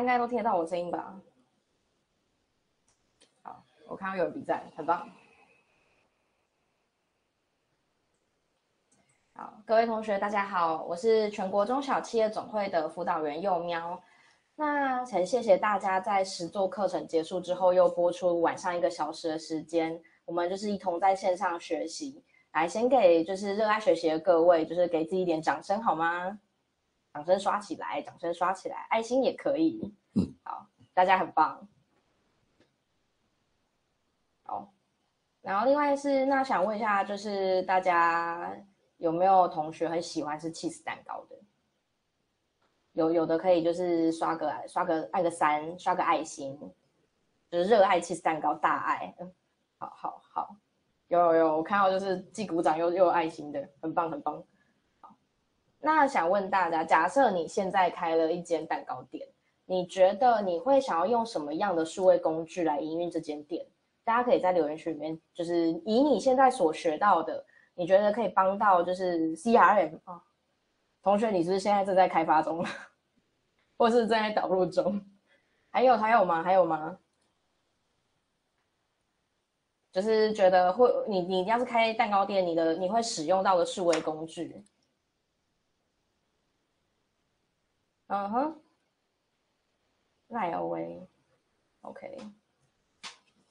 應該都聽得到我的聲音吧？好，我看到有人比讚，很棒。好，各位同學，大家好，我是全國中小企業總會的輔導員幼喵。那很謝謝大家在實作課程結束之後，又播出晚上一個小時的時間，我們就是一同在線上學習。來，先給就是熱愛學習的各位，就是給自己一點掌聲，好嗎？掌聲刷起來，掌聲刷起來，愛心也可以。好，大家很棒。好，然後另外是那想問一下，就是大家有沒有同學很喜歡吃 cheese 蛋糕的？有有的可以就是刷個刷個按個三刷個愛心，就是熱愛 cheese 蛋糕大愛。好好好，有有有，我看到就是既鼓掌又又有愛心的，很棒很棒。那想問大家，假設你現在開了一間蛋糕店，你覺得你會想要用什麼樣的數位工具來營運這間店？大家可以在留言區裡面，就是以你現在所學到的，你覺得可以幫到就是 CRM 啊。哦，同學，你是不是現在正在開發中嗎，或是正在導入中？還有還有嗎？還有嗎？就是覺得會，你你要是開蛋糕店，你的你會使用到的數位工具。嗯哼，賴歐維，OK，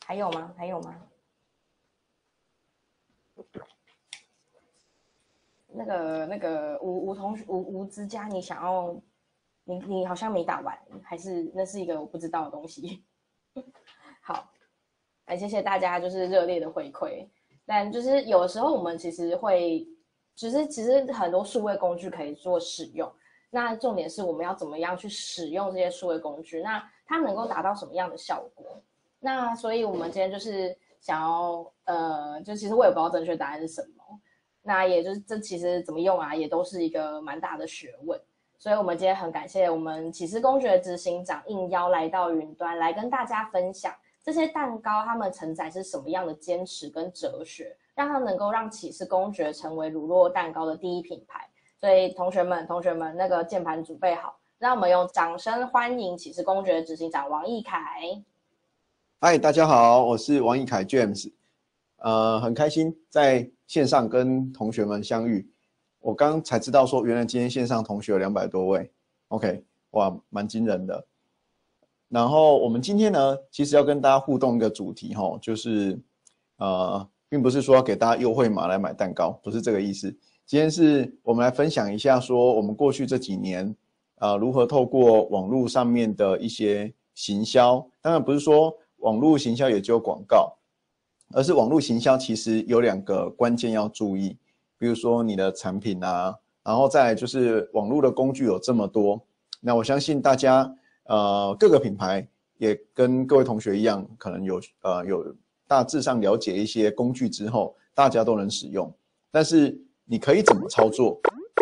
還有嗎？還有嗎？那個那個吳吳同學吳吳之家，你想要？你你好像沒打完，還是那是一個我不知道的東西。 好，哎、啊，謝謝大家，就是熱烈的回饋。但就是有的時候我們其實會，其實、就是、其實很多數位工具可以做使用。那重點是我們要怎麼樣去使用這些數位工具？那它能夠達到什麼樣的效果？那所以我們今天就是想要，呃，就其實我也不知道正確答案是什麼。那也就是這其實怎麼用啊，也都是一個蠻大的學問。所以我們今天很感謝我們起士公爵執行長應邀來到雲端，來跟大家分享這些蛋糕，它們承載是什麼樣的堅持跟哲學，讓它能夠讓起士公爵成為乳酪蛋糕的第一品牌。所以，同學們，同學們，那個鍵盤準備好，讓我們用掌聲歡迎起士公爵執行長王奕凱。嗨，大家好，我是王奕凱 James，呃，很開心在線上跟同學們相遇。我剛才知道說，原來今天線上同學有兩百多位，OK，哇，蠻驚人的。然後我們今天呢，其實要跟大家互動一個主題齁、哦，就是呃，並不是說要給大家優惠碼來買蛋糕，不是這個意思。今天是我們來分享一下，說我們過去這幾年啊、呃，如何透過網絡上面的一些行銷。當然不是說網絡行銷也只有廣告，而是網絡行銷其實有兩個關鍵要注意。比如說你的產品啊，然後再來就是網絡的工具有這麼多。那我相信大家呃各個品牌也跟各位同學一樣，可能有呃有大致上了解一些工具之後，大家都能使用。但是你可以怎麼操作，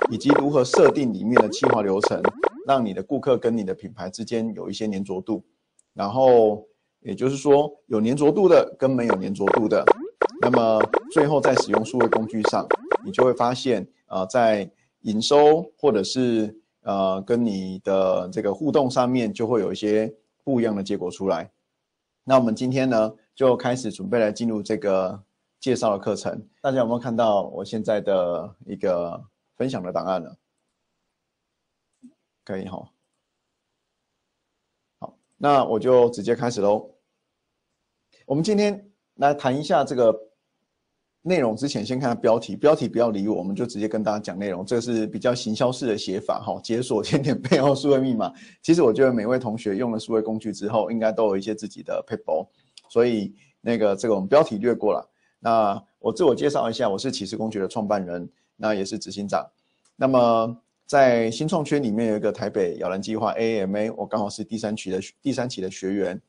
以及如何設定裡面的計劃流程，讓你的顧客跟你的品牌之間有一些黏著度，然後也就是說有黏著度的跟沒有黏著度的，那麼最後在使用數位工具上，你就會發現啊、呃，在營收或者是呃跟你的這個互動上面，就會有一些不一樣的結果出來。那我們今天呢，就開始準備來進入這個。介紹的課程，大家有沒有看到我現在的一個分享的檔案呢？可以吼，好，那我就直接開始嘍。我們今天來談一下這個內容之前，先看下標題，標題不要理我，我們就直接跟大家講內容。這個是比較行銷式的寫法哈。解鎖甜點背後數位密碼。其實我覺得每位同學用了數位工具之後，應該都有一些自己的撇步，所以那個這個我們標題略過了。那我自我介紹一下，我是起士公爵的創辦人，那也是執行長。那麼在新創圈裡面有一個台北搖籃計劃，AAMA，我剛好是第三期的第三期的學員。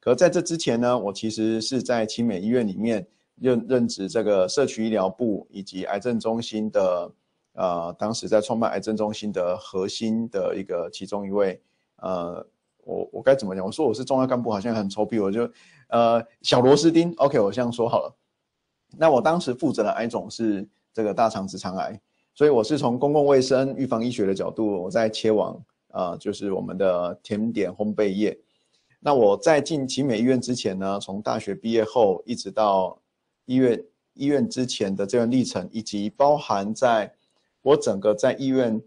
可在這之前呢，我其實是在清美醫院裡面任任職這個社區醫療部以及癌症中心的，呃，當時在創辦癌症中心的核心的一個其中一位。呃，我我該怎麼講？我說我是重要幹部，好像很臭屁。我就呃小螺絲釘。OK，我這樣說好了。那我當時負責的癌種是這個大腸直腸癌，所以我是從公共衛生、預防醫學的角度，我在切往呃就是我們的甜點烘焙業。那我在進奇美醫院之前呢，從大學畢業後一直到醫院醫院之前的這段歷程，以及包含在我整個在醫院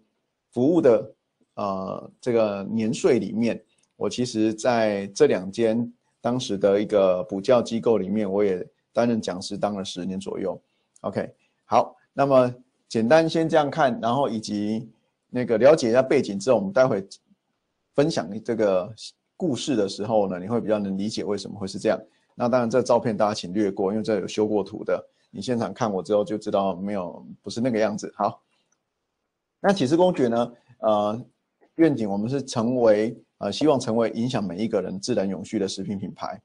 服務的呃這個年歲裡面，我其實在這兩間當時的一個補教機構裡面，我也擔任講師當了十年左右，OK，好，那麼簡單先這樣看，然後以及那個了解一下背景之後，我們待會分享這個故事的時候呢，你會比較能理解為什麼會是這樣。那當然，這照片大家請略過，因為這有修過圖的，你現場看我之後就知道沒有，不是那個樣子。好，那起士公爵呢？呃，願景我們是成為呃，希望成為影響每一個人、自然永續的食品品牌。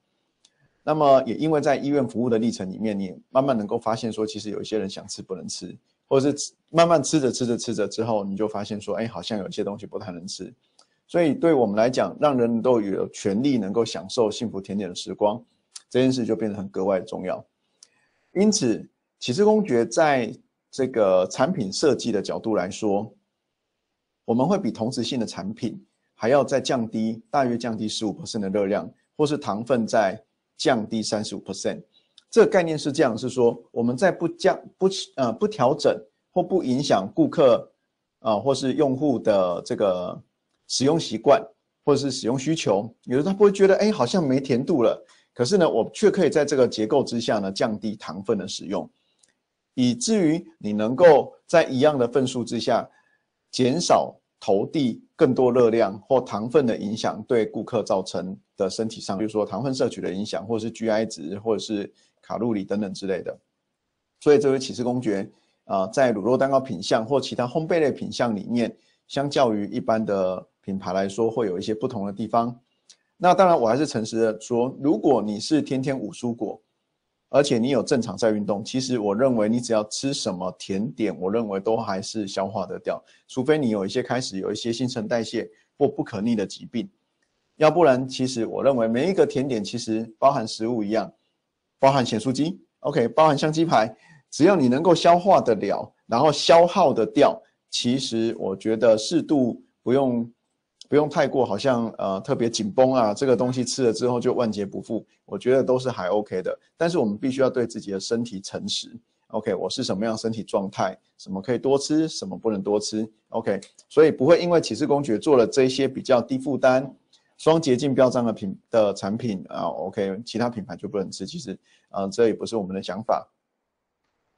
那麼也因為在醫院服務的歷程裡面，你也慢慢能夠發現說，其實有一些人想吃不能吃，或者是慢慢吃着吃着吃着之後，你就發現說，哎，好像有些東西不太能吃。所以對我們來講，讓人都有權利能夠享受幸福甜點的時光，這件事就變得很格外重要。因此，起士公爵在這個產品設計的角度來說，我們會比同質性的產品還要再降低大約降低十五%的熱量，或是糖分在。降低三十五 percent，這個概念是這樣，是說我們在不降不呃不調整或不影響顧客啊或是用戶的這個使用習慣或者是使用需求，有的他不會覺得哎，好像沒甜度了，可是呢我卻可以在這個結構之下呢降低糖分的使用，以至於你能夠在一樣的份數之下減少。投遞更多熱量或糖分的影響，對顧客造成的身體上，比如說糖分攝取的影響，或者是 GI 值，或者是卡路里等等之類的。所以這位啟示公爵啊，在乳酪蛋糕品項或其他烘焙類品項裡面，相較於一般的品牌來說，會有一些不同的地方。那當然，我還是誠實的說，如果你是天天五蔬果。而且你有正常在運動，其實我認為你只要吃什麼甜點，我認為都還是消化得掉，除非你有一些開始有一些新陳代謝或不可逆的疾病，要不然其實我認為每一個甜點其實包含食物一樣，包含鹹酥雞，OK，包含香雞排，只要你能夠消化得了，然後消耗得掉，其實我覺得適度不用。不用太過，好像呃特別緊繃啊，這個東西吃了之後就萬劫不復，我覺得都是還 OK 的。但是我們必須要對自己的身體誠實，OK，我是什麼樣的身體狀態，什麼可以多吃，什麼不能多吃，OK，所以不會因為起士公爵做了這一些比較低負擔、雙潔淨標章的品的產品啊，OK，其他品牌就不能吃。其實，啊、呃，這也不是我們的想法。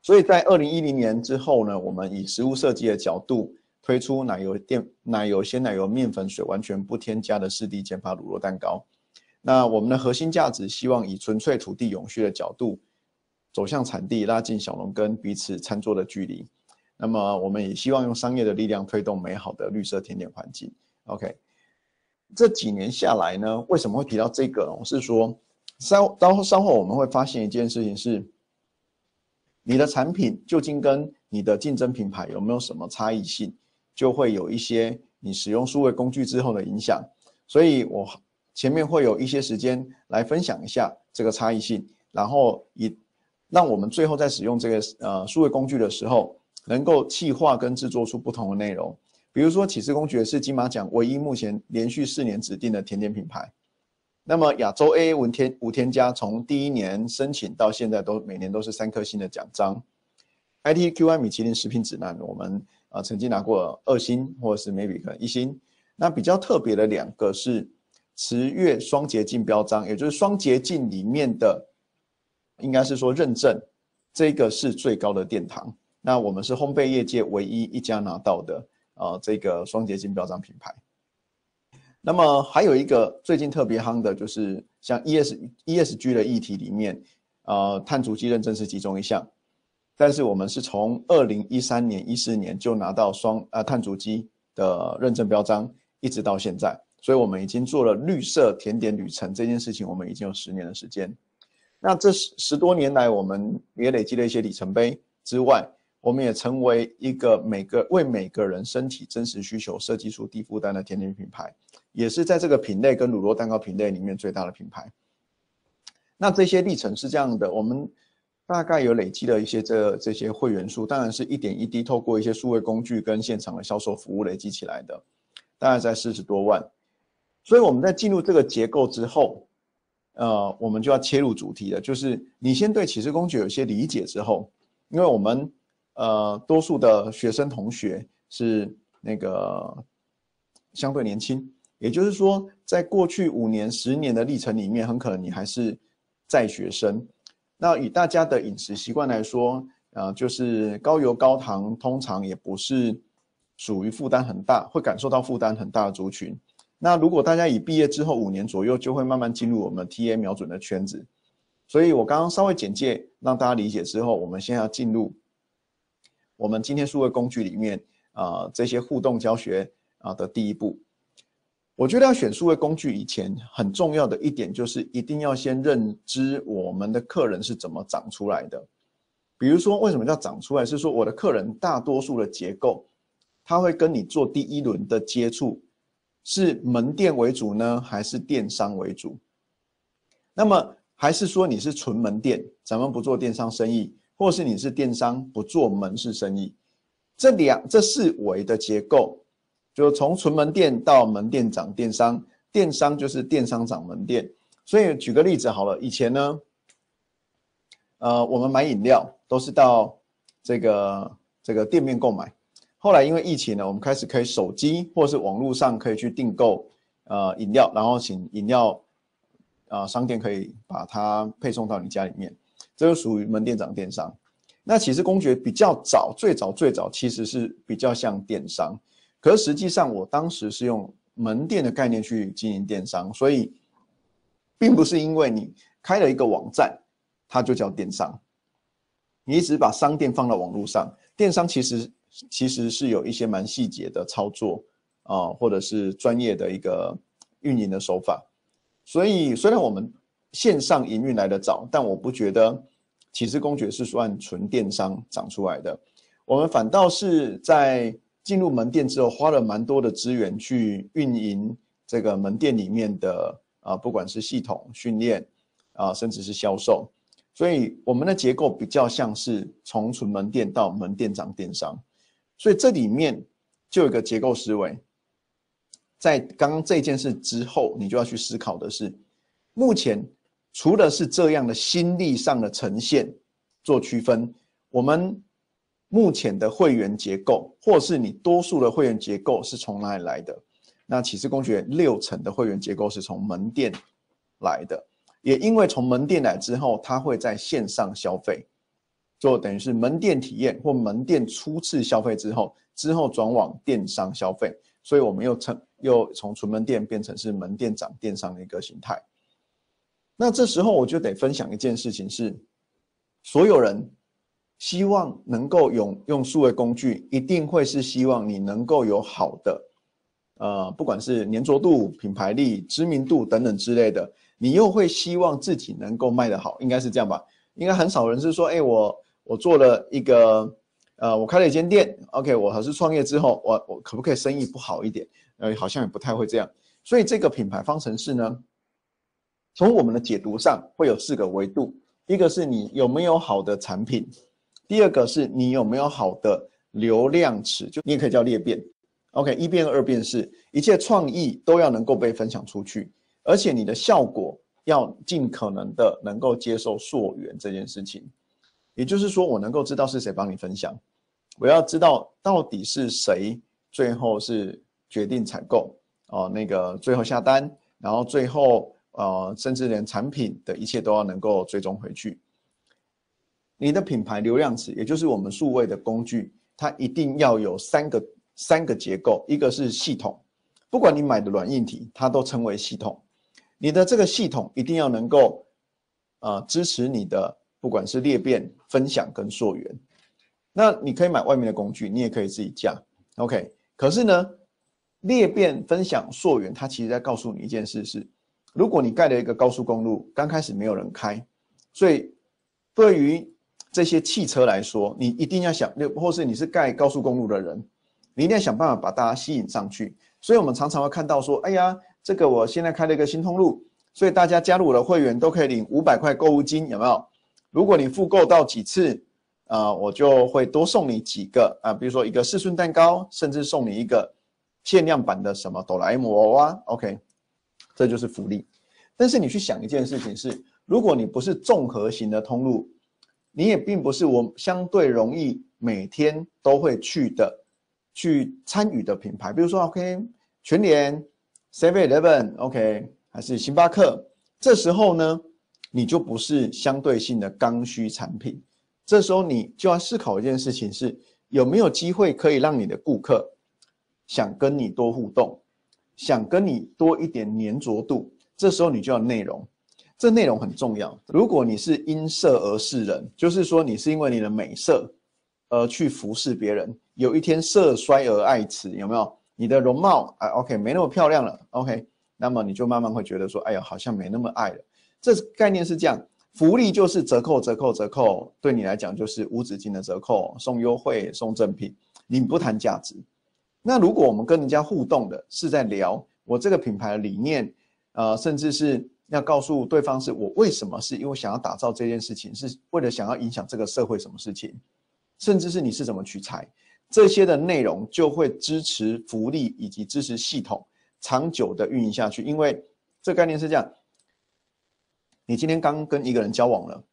所以在二零一零年之後呢，我們以食物設計的角度。推出奶油店，奶油鮮奶油麵粉水完全不添加的四 D 減法乳酪蛋糕。那我們的核心價值希望以純粹土地永續的角度走向產地，拉近小農跟彼此餐桌的距離。那麼我們也希望用商業的力量推動美好的綠色甜點環境。OK，這幾年下來呢，為什麼會提到這個呢？我是說稍稍後我們會發現一件事情是，你的產品究竟跟你的競爭品牌有沒有什麼差異性？就會有一些你使用數位工具之後的影響，所以我前面會有一些時間來分享一下這個差異性，然後以讓我們最後在使用這個呃數位工具的時候，能夠計劃跟製作出不同的內容。比如說，啟司公爵是金馬獎唯一目前連續四年指定的甜點品牌。那麼，亞洲 a 文天五天家從第一年申請到現在，都每年都是三顆星的獎章。i t q i 米其林食品指南，我們。啊，曾經拿過二星或者是 maybe 可能一星，那比較特別的兩個是慈悅雙潔淨標章，也就是雙潔淨裡面的，應該是說認證，這個是最高的殿堂。那我們是烘焙業界唯一一家拿到的啊、呃、這個雙潔淨標章品牌。那麼還有一個最近特別夯的就是像 E S E S G 的議題裡面，呃碳足跡認證是其中一項。但是我們是從二零一三年、一四年就拿到雙呃碳足跡的認證標章，一直到現在，所以我們已經做了綠色甜點旅程這件事情，我們已經有十年的時間。那這十十多年來，我們也累積了一些里程碑之外，我們也成為一個每個為每個人身體真實需求設計出低負擔的甜點品牌，也是在這個品類跟乳酪蛋糕品類裡面最大的品牌。那這些歷程是這樣的，我們。大概有累積了一些這這些會員數，當然是一點一滴透過一些數位工具跟現場的銷售服務累積起來的，大概在四十多萬。所以我們在進入這個結構之後，呃，我們就要切入主題了，就是你先對起士公爵有些理解之後，因為我們呃多數的學生同學是那個相對年輕，也就是說，在過去五年、十年的歷程裡面，很可能你還是在學生。那以大家的飲食習慣來說，啊、呃，就是高油高糖，通常也不是屬於負擔很大，會感受到負擔很大的族群。那如果大家以畢業之後五年左右，就會慢慢進入我們 TA 瞄準的圈子。所以我剛剛稍微簡介讓大家理解之後，我們現在要進入我們今天數位工具裡面啊、呃、這些互動教學啊、呃、的第一步。我覺得要選數位工具以前，很重要的一點就是一定要先認知我們的客人是怎麼長出來的。比如說，為什麼叫長出來？是說我的客人大多數的結構，他會跟你做第一輪的接觸，是門店為主呢，還是電商為主？那麼，還是說你是純門店，咱們不做電商生意，或是你是電商，不做門市生意？這兩這四維的結構。就從純門店到門店長電商，電商就是電商長門店。所以舉個例子好了，以前呢，呃，我們買飲料都是到這個這個店面購買。後來因為疫情呢，我們開始可以手機或是網絡上可以去訂購呃飲料，然後請飲料啊、呃、商店可以把它配送到你家裡面。這就屬於門店長電商。那其實公爵比較早，最早最早其實是比較像電商。可實際上，我當時是用門店的概念去經營電商，所以並不是因為你開了一個網站，它就叫電商。你一直把商店放到網絡上，電商其實其實是有一些蠻細節的操作啊，或者是專業的一個運營的手法。所以，雖然我們線上營運來得早，但我不覺得起士公爵是算純電商長出來的。我們反倒是在。進入門店之後，花了蠻多的資源去運營這個門店裡面的啊，不管是系統訓練啊，甚至是銷售，所以我們的結構比較像是從純門店到門店長電商，所以這裡面就有一個結構思維。在剛剛這件事之後，你就要去思考的是，目前除了是這樣的心力上的呈現做區分，我們。目前的會員結構，或是你多數的會員結構是從哪裡來的？那起士公爵六成的會員結構是從門店來的，也因為從門店來之後，它會在線上消費，就等於是門店體驗或門店初次消費之後，之後轉往電商消費，所以我們又成又從純門店變成是門店漲電商的一個形態。那這時候我就得分享一件事情是，所有人。希望能夠用用數位工具，一定會是希望你能夠有好的，呃，不管是黏着度、品牌力、知名度等等之類的，你又會希望自己能夠賣得好，應該是這樣吧？應該很少人是說，哎、欸，我我做了一個，呃，我開了一間店，OK，我還是創業之後，我我可不可以生意不好一點，呃，好像也不太會這樣。所以這個品牌方程式呢，從我們的解讀上會有四個維度，一個是你有沒有好的產品。第二個是你有沒有好的流量池，就你也可以叫裂變。OK，一變二變是，一切創意都要能夠被分享出去，而且你的效果要盡可能的能夠接受溯源這件事情。也就是說，我能夠知道是誰幫你分享，我要知道到底是誰最後是決定採購哦，那個最後下單，然後最後呃，甚至連產品的一切都要能夠追蹤回去。你的品牌流量池，也就是我們數位的工具，它一定要有三個三個結構，一個是系統，不管你買的軟硬體，它都稱為系統。你的這個系統一定要能夠，呃，支持你的不管是裂變、分享跟溯源。那你可以買外面的工具，你也可以自己架。OK，可是呢，裂變、分享、溯源，它其實在告訴你一件事是：如果你蓋了一個高速公路，剛開始沒有人開，所以對於這些汽車來說，你一定要想，又或是你是蓋高速公路的人，你一定要想辦法把大家吸引上去。所以，我們常常會看到說，哎呀，這個我現在開了一個新通路，所以大家加入我的會員都可以領五百塊購物金，有沒有？如果你復購到幾次，啊、呃，我就會多送你幾個啊、呃，比如說一個四寸蛋糕，甚至送你一個限量版的什麼哆啦 A 夢啊，OK，這就是福利。但是你去想一件事情是，如果你不是綜合型的通路，你也並不是我相對容易每天都會去的去參與的品牌，比如說 OK 全聯、Seven Eleven OK 還是星巴克。這時候呢，你就不是相對性的剛需產品。這時候你就要思考一件事情是，有沒有機會可以讓你的顧客想跟你多互動，想跟你多一點黏著度？這時候你就要內容。這內容很重要。如果你是因色而事人，就是說你是因為你的美色，而去服侍別人。有一天色衰而愛弛，有沒有？你的容貌啊，OK，沒那麼漂亮了，OK，那麼你就慢慢會覺得說，哎呀，好像沒那麼愛了。這概念是這樣。福利就是折扣，折扣，折扣，對你來講就是無止境的折扣，送優惠，送贈品，你不談價值。那如果我們跟人家互動的是在聊我這個品牌的理念，呃，甚至是。要告訴對方是我為什麼？是因為想要打造這件事情，是為了想要影響這個社會什麼事情？甚至是你是怎麼取材？這些的內容就會支持福利以及支持系統長久的運營下去。因為這概念是這樣：你今天剛跟一個人交往了，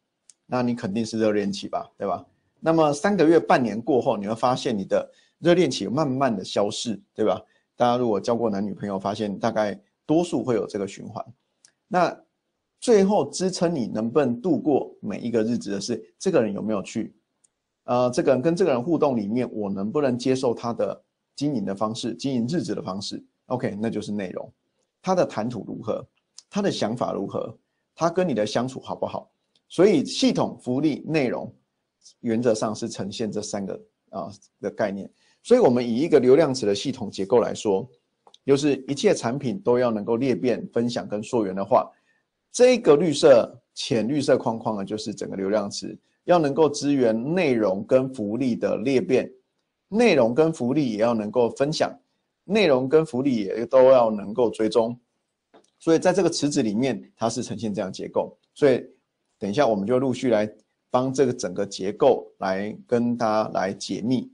那你肯定是熱戀期吧，對吧？那麼三個月、半年過後，你會發現你的熱戀期慢慢的消失，對吧？大家如果交過男女朋友，發現大概多數會有這個循環。那最後支撐你能不能度過每一個日子的是這個人有沒有去？呃，這個人跟這個人互動裡面，我能不能接受他的經營的方式、經營日子的方式？OK，那就是內容。他的談吐如何？他的想法如何？他跟你的相處好不好？所以系統、福利、內容，原則上是呈現這三個啊、呃、的概念。所以我們以一個流量池的系統結構來說。就是一切產品都要能夠裂變、分享跟溯源的話，這個綠色、淺綠色框框啊，就是整個流量池，要能夠支援內容跟福利的裂變，內容跟福利也要能夠分享，內容跟福利也都要能夠追蹤。所以在這個池子裡面，它是呈現這樣結構。所以等一下我們就陸續來幫這個整個結構來跟大家來解密。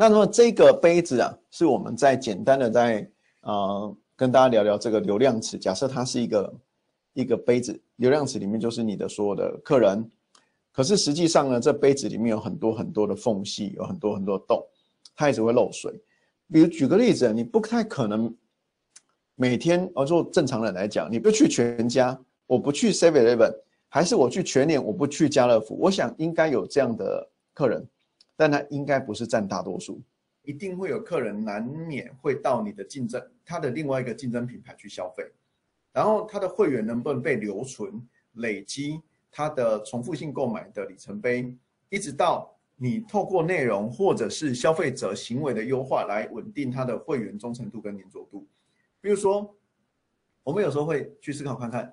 那麼這個杯子啊，是我們在簡單的在啊、呃、跟大家聊聊這個流量池。假設它是一個一個杯子，流量池裡面就是你的所有的客人。可是實際上呢，這杯子裡面有很多很多的縫隙，有很多很多洞，它一直會漏水。比如舉個例子，你不太可能每天哦，做正常人來講，你不去全家，我不去 Seven Eleven，還是我去全聯，我不去家樂福。我想應該有這樣的客人。但它應該不是佔大多數，一定會有客人難免會到你的競爭，他的另外一個競爭品牌去消費，然後他的會員能不能被留存、累積他的重複性購買的里程碑，一直到你透過內容或者是消費者行為的優化來穩定他的會員忠誠度跟黏着度。比如說，我們有時候會去思考看看，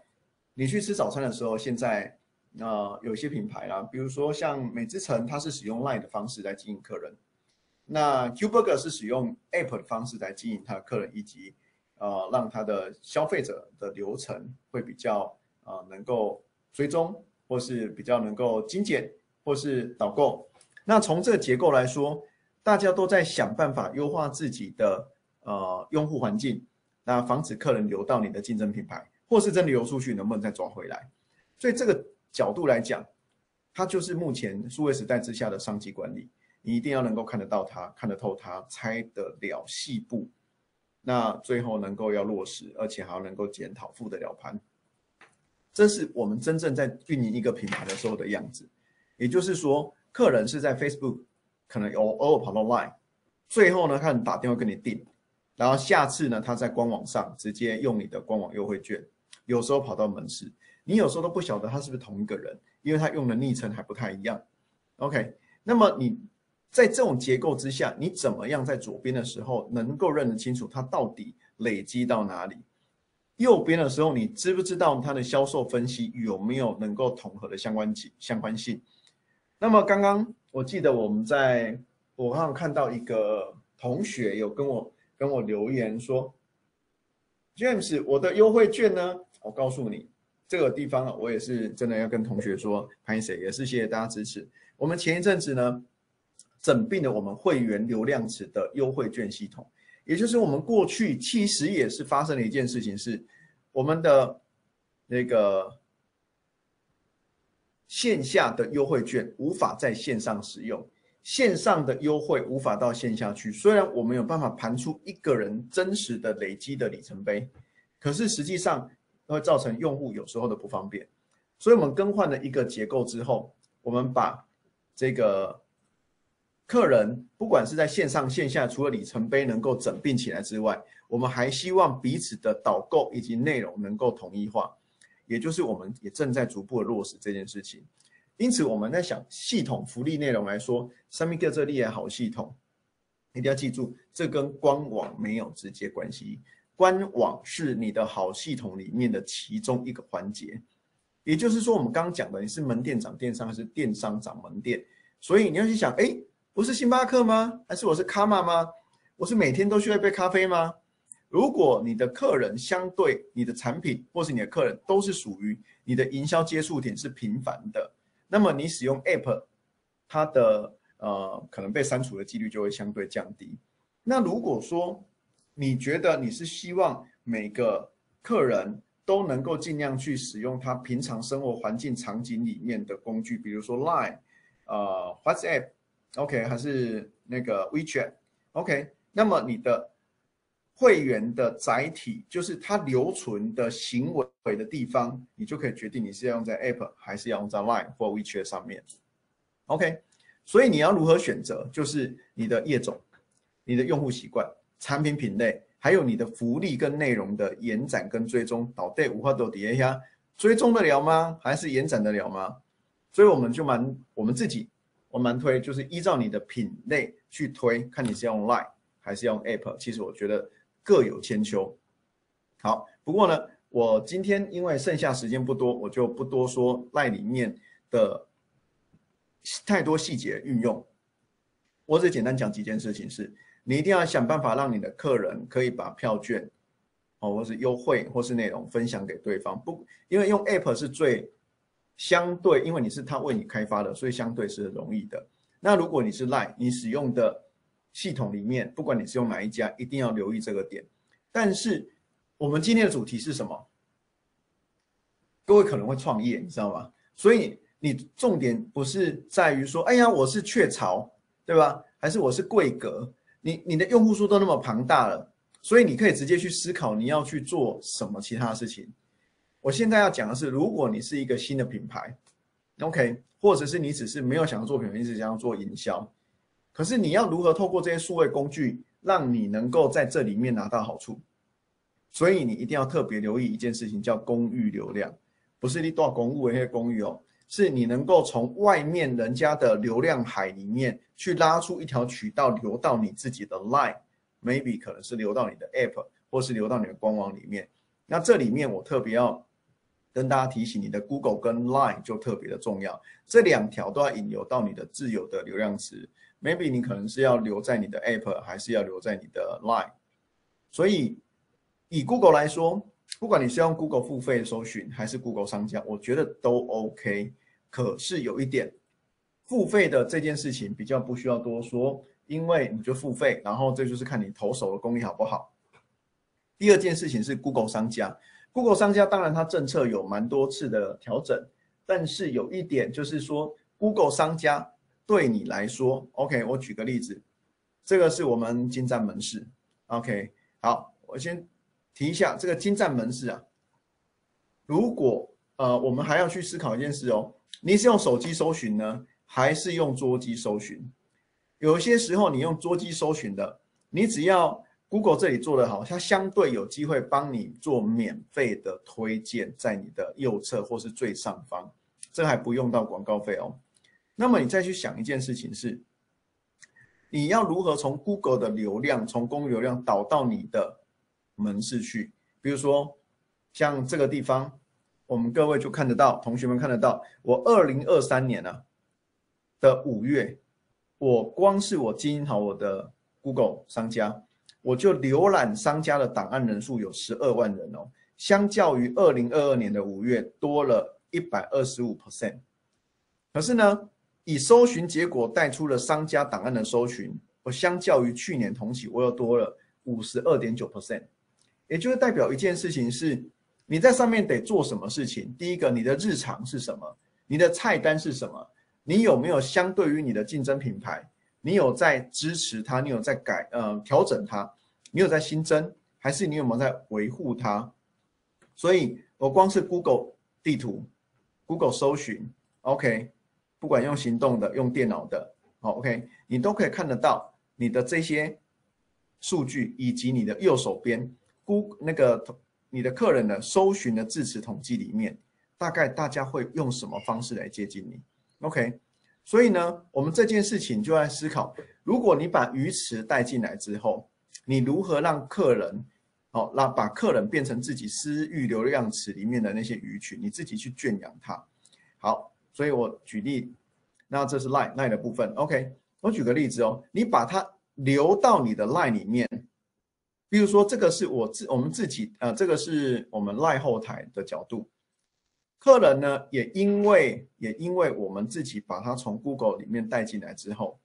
你去吃早餐的時候，現在。那、呃、有些品牌啦，比如說像美之城，它是使用 line 的方式來經營客人。那 QBurger 是使用 app 的方式來經營他的客人，以及呃讓他的消費者的流程會比較呃能夠追蹤，或是比較能夠精簡或是導購。那從這個結構來說，大家都在想辦法優化自己的呃用戶環境，那防止客人流到你的競爭品牌，或是真的流出去能不能再抓回來？所以這個。角度來講，它就是目前數位時代之下的商機管理，你一定要能夠看得到它，看得透它，猜得了細部，那最後能夠要落實，而且還要能夠檢討，復得了盤。這是我們真正在運營一個品牌的時候的樣子。也就是說，客人是在 Facebook，可能偶偶爾跑到 Line，最後呢，他打電話給你訂，然後下次呢，他在官網上直接用你的官網優惠券，有時候跑到門市。你有時候都不曉得他是不是同一個人，因為他用的昵稱還不太一樣。OK，那麼你在這種結構之下，你怎麼樣在左邊的時候能夠認得清楚他到底累積到哪裡？右邊的時候，你知不知道他的銷售分析有沒有能夠統合的相關性？相關性？那麼剛剛我記得我們在，我剛剛看到一個同學有跟我跟我留言說，James，我的優惠券呢？我告訴你。這個地方我也是真的要跟同學說，潘 Sir 也是謝謝大家支持。我們前一陣子呢，整并了我們會員流量池的優惠券系統，也就是我們過去其實也是發生了一件事情，是我們的那個線下的優惠券無法在線上使用，線上的優惠無法到線下去。雖然我們有辦法盤出一個人真實的累積的里程碑，可是實際上。會造成用戶有時候的不方便，所以我們更換了一個結構之後，我們把這個客人不管是在線上線下，除了里程碑能夠整併起來之外，我們還希望彼此的導購以及內容能夠統一化，也就是我們也正在逐步的落實這件事情。因此，我們在想系統福利內容來說，三米格這裡害好系統，一定要記住，這跟官網沒有直接關係。官網是你的好系統裡面的其中一個環節，也就是說，我們剛剛講的你是門店長電商還是電商長門店，所以你要去想，哎，我是星巴克嗎？還是我是卡瑪嗎？我是每天都需要一杯咖啡嗎？如果你的客人相對你的產品，或是你的客人都是屬於你的營銷接觸點是頻繁的，那麼你使用 App，它的呃可能被刪除的幾率就會相對降低。那如果說，你覺得你是希望每個客人都能夠盡量去使用他平常生活環境場景裡面的工具，比如說 Line，呃，WhatsApp，OK，、okay, 還是那個 WeChat，OK？、Okay, 那麼你的會員的載體，就是他留存的行為的地方，你就可以決定你是要用在 App，還是要用在 Line 或 WeChat 上面，OK？所以你要如何選擇，就是你的業種，你的用戶習慣。產品品類，還有你的福利跟內容的延展跟追蹤，到底五花豆一下追蹤得了嗎？還是延展得了嗎？所以我們就蠻我們自己我蠻推，就是依照你的品類去推，看你是用 LINE 還是用 App。其實我覺得各有千秋。好，不過呢，我今天因為剩下時間不多，我就不多說 LINE 裡面的太多細節運用，我只簡單講幾件事情是。你一定要想辦法讓你的客人可以把票券、哦，或是優惠，或是內容分享給對方。不，因為用 App 是最相對，因為你是他為你開發的，所以相對是很容易的。那如果你是 Line，你使用的系統裡面，不管你是用哪一家，一定要留意這個點。但是我們今天的主題是什麼？各位可能會創業，你知道嗎？所以你重點不是在於說，哎呀，我是雀巢，對吧？還是我是貴格？你你的用戶數都那麼龐大了，所以你可以直接去思考你要去做什麼其他的事情。我現在要講的是，如果你是一個新的品牌，OK，或者是你只是沒有想要做品牌，只是想要做營銷，可是你要如何透過這些數位工具，讓你能夠在這裡面拿到好處？所以你一定要特別留意一件事情，叫公域流量，不是你多少公務的那些公域哦。是你能夠從外面人家的流量海裡面去拉出一條渠道，流到你自己的 LINE，maybe 可能是流到你的 App 或是流到你的官網裡面。那這裡面我特別要跟大家提醒，你的 Google 跟 LINE 就特別的重要，這兩條都要引流到你的自有的流量池。maybe 你可能是要留在你的 App，還是要留在你的 LINE。所以以 Google 來說。不管你是用 Google 付費搜尋還是 Google 商家，我覺得都 OK。可是有一點，付費的這件事情比較不需要多說，因為你就付費，然後這就是看你投手的功力好不好。第二件事情是 Google 商家，Google 商家當然它政策有蠻多次的調整，但是有一點就是說 Google 商家對你來說 OK。我舉個例子，這個是我們京站門市 OK。好，我先。提一下這個金站門市啊，如果呃我們還要去思考一件事哦，你是用手機搜尋呢，還是用桌機搜尋？有些時候你用桌機搜尋的，你只要 Google 這裡做得好，它相對有機會幫你做免費的推薦在你的右側或是最上方，這還不用到廣告費哦。那麼你再去想一件事情是，你要如何從 Google 的流量，從公共流量導到你的？門市去，比如說像這個地方，我們各位就看得到，同學們看得到。我二零二三年呢、啊、的五月，我光是我經營好我的 Google 商家，我就瀏覽商家的檔案人數有十二萬人哦，相較於二零二二年的五月多了一百二十五 percent。可是呢，以搜尋結果帶出了商家檔案的搜尋，我相較於去年同期我又多了五十二點九 percent。也就是代表一件事情是，你在上面得做什麼事情？第一個，你的日常是什麼？你的菜單是什麼？你有沒有相對於你的競爭品牌，你有在支持它？你有在改呃、調整它？你有在新增，還是你有沒有在維護它？所以我光是 Google 地圖、Google 搜尋 OK，不管用行動的、用電腦的好，OK，你都可以看得到你的這些數據以及你的右手邊。估那個你的客人呢？搜尋的字詞統計裡面，大概大家會用什麼方式來接近你？OK，所以呢，我們這件事情就在思考，如果你把魚池帶進來之後，你如何讓客人，哦，那把客人變成自己私域流量池裡面的那些魚群，你自己去圈養它。好，所以我舉例，那這是 LINE LINE 的部分。OK，我舉個例子哦，你把它留到你的 LINE 裡面。比如說，這個是我自我們自己，呃，這個是我們 LINE 後台的角度。客人呢，也因為也因為我們自己把他從 Google 裡面帶進來之後，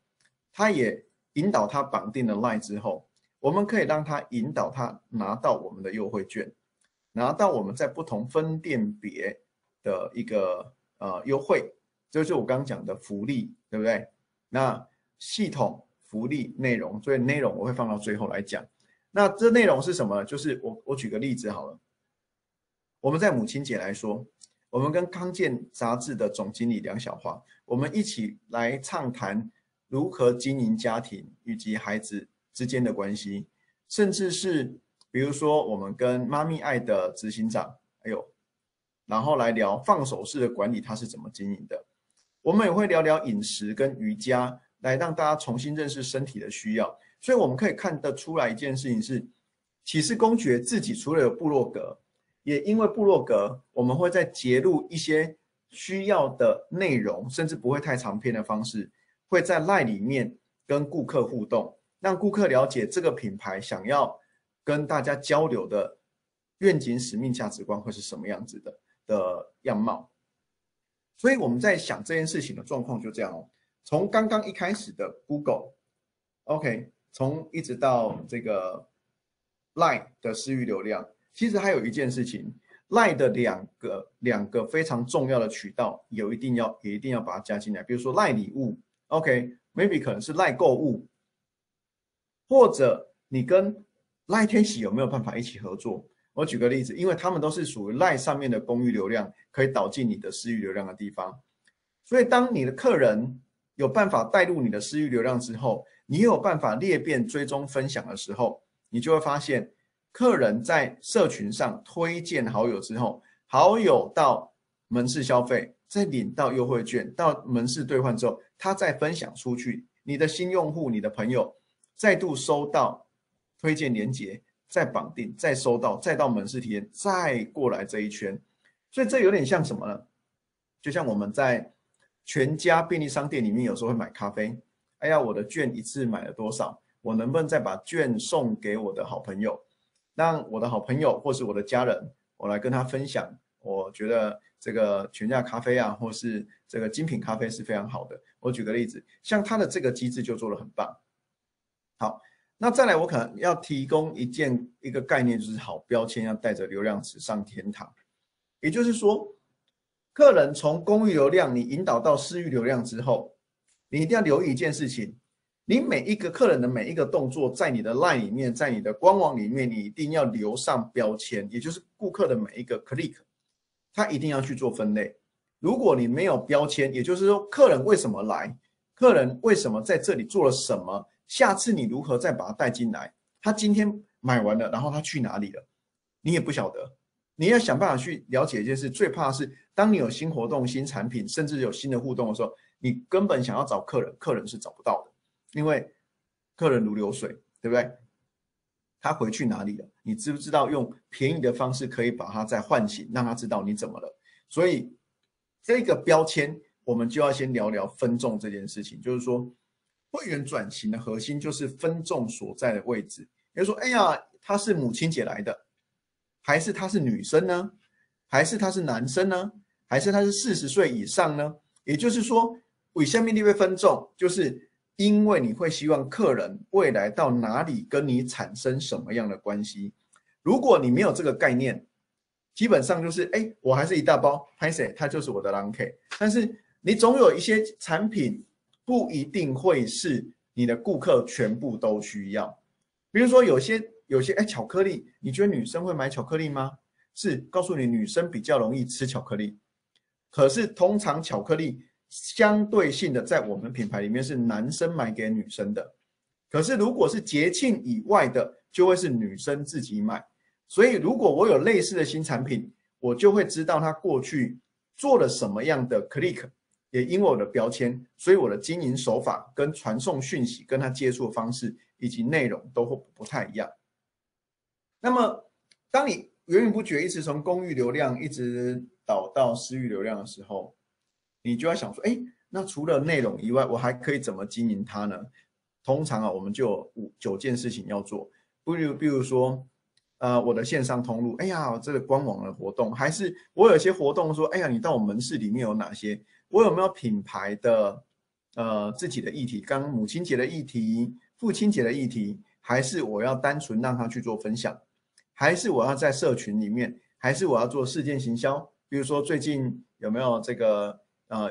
他也引導他綁定了 LINE 之後，我們可以讓他引導他拿到我們的優惠券，拿到我們在不同分店別的一個呃優惠，就是我剛剛講的福利，對不對？那系統福利內容，所以內容我會放到最後來講。那這內容是什麼呢？就是我我舉個例子好了，我們在母親節來說，我們跟康健雜誌的總經理梁曉華，我們一起來暢談如何經營家庭以及孩子之間的關係，甚至是比如說我們跟媽咪愛的執行長，還、哎、有，然後來聊放手式的管理，它是怎麼經營的。我們也會聊聊飲食跟瑜伽，來讓大家重新認識身體的需要。所以我們可以看得出來一件事情是，起士公爵自己除了有部落格，也因為部落格，我們會在揭露一些需要的內容，甚至不會太長篇的方式，會在賴裡面跟顧客互動，讓顧客了解這個品牌想要跟大家交流的願景、使命、價值觀會是什麼樣子的的樣貌。所以我們在想這件事情的狀況就這樣哦。從剛剛一開始的 Google，OK、okay。從一直到這個 LINE 的私域流量，其實還有一件事情，LINE 的兩個兩個非常重要的渠道，有一定要也一定要把它加進來，比如說 LINE 禮物，OK，maybe、OK, 可能是 LINE 購物，或者你跟 LINE 天喜有沒有辦法一起合作？我舉個例子，因為他們都是屬於 LINE 上面的公域流量，可以導進你的私域流量的地方，所以當你的客人有辦法帶入你的私域流量之後。你有辦法裂變、追蹤、分享的時候，你就會發現，客人在社群上推薦好友之後，好友到門市消費，再領到優惠券，到門市兌換之後，他再分享出去，你的新用戶、你的朋友再度收到推薦連結，再綁定、再收到、再到門市體驗、再過來這一圈，所以這有點像什麼呢？就像我們在全家便利商店裡面有時候會買咖啡。哎呀，我的券一次買了多少？我能不能再把券送給我的好朋友？讓我的好朋友或是我的家人，我來跟他分享。我覺得這個全價咖啡啊，或是這個精品咖啡是非常好的。我舉個例子，像他的這個機制就做得很棒。好，那再來，我可能要提供一件一個概念，就是好標籤要帶着流量池上天堂。也就是說，客人從公域流量你引導到私域流量之後。你一定要留意一件事情，你每一個客人的每一個動作，在你的 line 裡面，在你的官網裡面，你一定要留上標籤，也就是顧客的每一個 click，他一定要去做分類。如果你沒有標籤，也就是說，客人為什麼來，客人為什麼在這裡做了什麼，下次你如何再把他帶進來，他今天買完了，然後他去哪裡了，你也不曉得。你要想辦法去了解一件事，最怕是當你有新活動、新產品，甚至有新的互動的時候。你根本想要找客人，客人是找不到的，因為客人如流水，對不對？他回去哪裡了？你知不知道用便宜的方式可以把他再喚醒，讓他知道你怎麼了？所以這個標籤，我們就要先聊聊分眾這件事情。就是說，會員轉型的核心就是分眾所在的位置。比如說，哎呀，他是母親節來的，還是他是女生呢？還是他是男生呢？還是他是四十歲以上呢？也就是說。我下面你位分眾，就是因為你會希望客人未來到哪裡跟你產生什麼樣的關係。如果你沒有這個概念，基本上就是哎、欸，我還是一大包，派誰它就是我的 long key。但是你總有一些產品不一定會是你的顧客全部都需要。比如說有些有些哎、欸、巧克力，你覺得女生會買巧克力嗎？是告訴你女生比較容易吃巧克力，可是通常巧克力。相對性的，在我們品牌裡面是男生買給女生的，可是如果是節慶以外的，就會是女生自己買。所以，如果我有類似的新產品，我就會知道他過去做了什麼樣的 click，也因為我的標籤，所以我的經營手法跟傳送訊息、跟它接觸的方式以及內容都會不太一樣。那麼，當你源源不絕一直從公域流量一直導到私域流量的時候。你就要想說，哎，那除了內容以外，我還可以怎麼經營它呢？通常啊，我們就有五九件事情要做，比如，比如說，呃，我的線上通路，哎呀，這個官網的活動，還是我有些活動說，哎呀，你到我門市裡面有哪些？我有沒有品牌的，呃，自己的議題，剛剛母親節的議題，父親節的議題，還是我要單純讓他去做分享，還是我要在社群裡面，還是我要做事件行銷？比如說最近有沒有這個？呃，